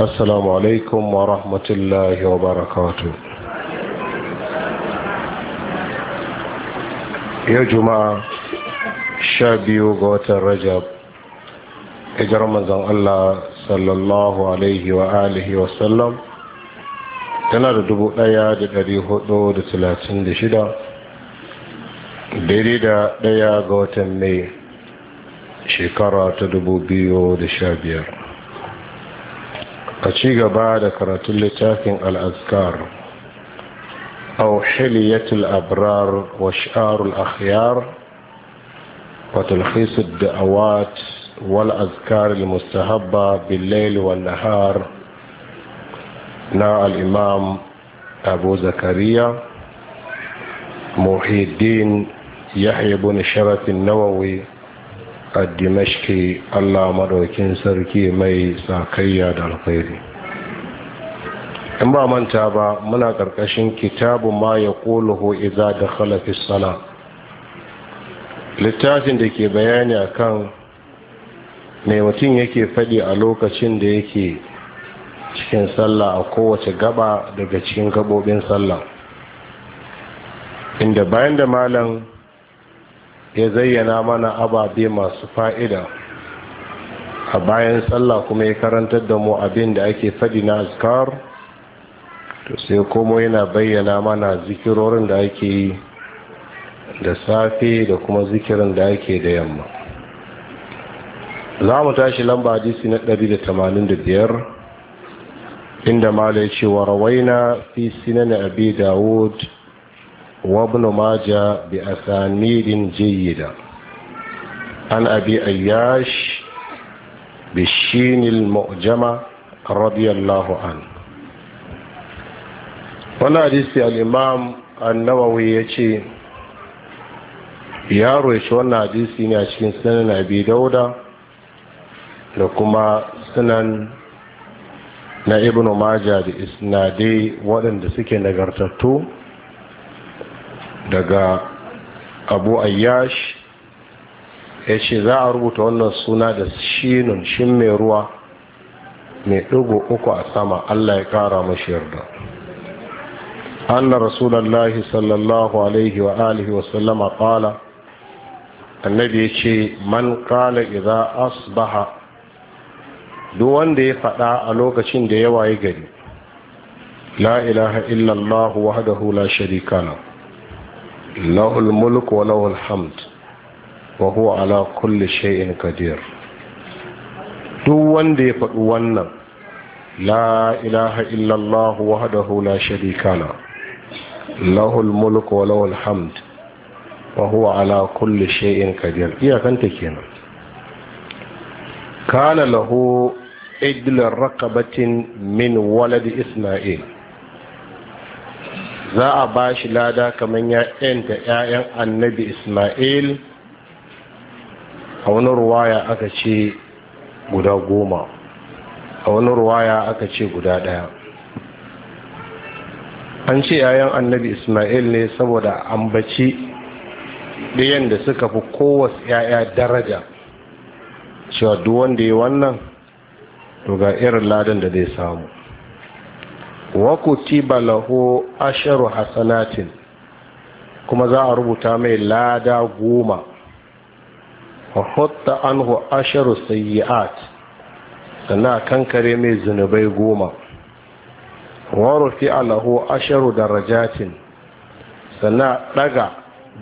السلام عليكم ورحمة الله وبركاته يا جماعة شابي وقوت الرجب اجرم زن الله صلى الله عليه وآله وسلم tana da dubu ɗaya da dari hudu da talatin da shida daidai da ɗaya ga watan mai shekara ta dubu biyu da sha biyar كشي بعد كرات لتاكن الأذكار أو حلية الأبرار وشعار الأخيار وتلخيص الدعوات والأذكار المستهبة بالليل والنهار نا الإمام أبو زكريا محي الدين يحيى بن شرف النووي addimashki allah maɗaukin sarki mai sakayya da alkhairi in ba manta ba muna ƙarƙashin kitabu ma ya ƙoluhu iza da khalafis sana littafin da ke bayani akan mai mutum yake faɗi a lokacin da yake cikin sallah a kowace gaba daga cikin gaɓoɓin sallah inda bayan da malam ya zayyana mana ababe masu fa'ida a bayan sallah kuma ya karantar da mu abin da ake faɗi na azkar to sai komo yana bayyana mana zikirorin da ake yi da safe da kuma zikirin da ake da yamma za mu tashi lamba hadisi na 185 inda mala ya ce wa rawaina fi sinan abi dawud وابن ماجه بأسانيد جيدة عن أبي أياش بالشين المؤجمة رضي الله عنه wani hadisi al'imam النووي ya ce ya roci wannan hadisi ne a cikin sunan abi dauda da kuma sunan na ibn maja da isnadai waɗanda suke nagartattu daga abu ayyash ya ce za a rubuta wannan suna da shinun shin mai ruwa mai ɗigo uku a sama allah ya ƙara mashi yarda annar rasulallahi sallallahu alaihi wa alihi a ƙala annabi ya ce man ƙala iza asbaha duk wanda ya faɗa a lokacin da ya waye gari la ilaha illallah wahdahu la sharika lahu lahul mulk wa lahul hamd wa huwa ala kulli shay'in qadir duk wanda ya faɗi wannan la ilaha illallah wahdahu la sharika la lahul mulk wa lahul hamd wa ala kulli shay'in qadir iyakanta kenan kana lahu idlar raqabatin min waladi isma'il za a ba shi lada kamar ya'yan da 'ya'yan annabi ismail a wani ruwaya aka ce guda goma a wani ruwaya aka ce guda ɗaya an ce 'ya'yan annabi ismail ne saboda ambaci ɗayan da suka fi kowace 'ya'ya daraja cewa duwanda wanda ya wannan to ga irin ladan da zai samu wa kutiba lahu asharu hasanatin kuma za a rubuta mai lada goma wa hutta anhu asharu sayi'at sannan a kankare mai zunubai goma wa rufi lahu asharu darajatin sannan daga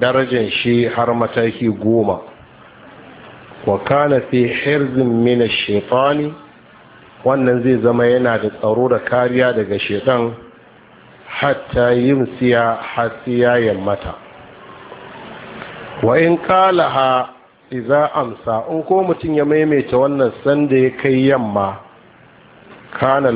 darajan shi har mataki goma wa kana fi hirzin min ash wannan zai zama yana da tsaro da kariya daga shekan hatta yin yimsiya hasiya yammata wa in qalaha iza amsa in ko mutum ya maimaita wannan sanda ya kai yamma kana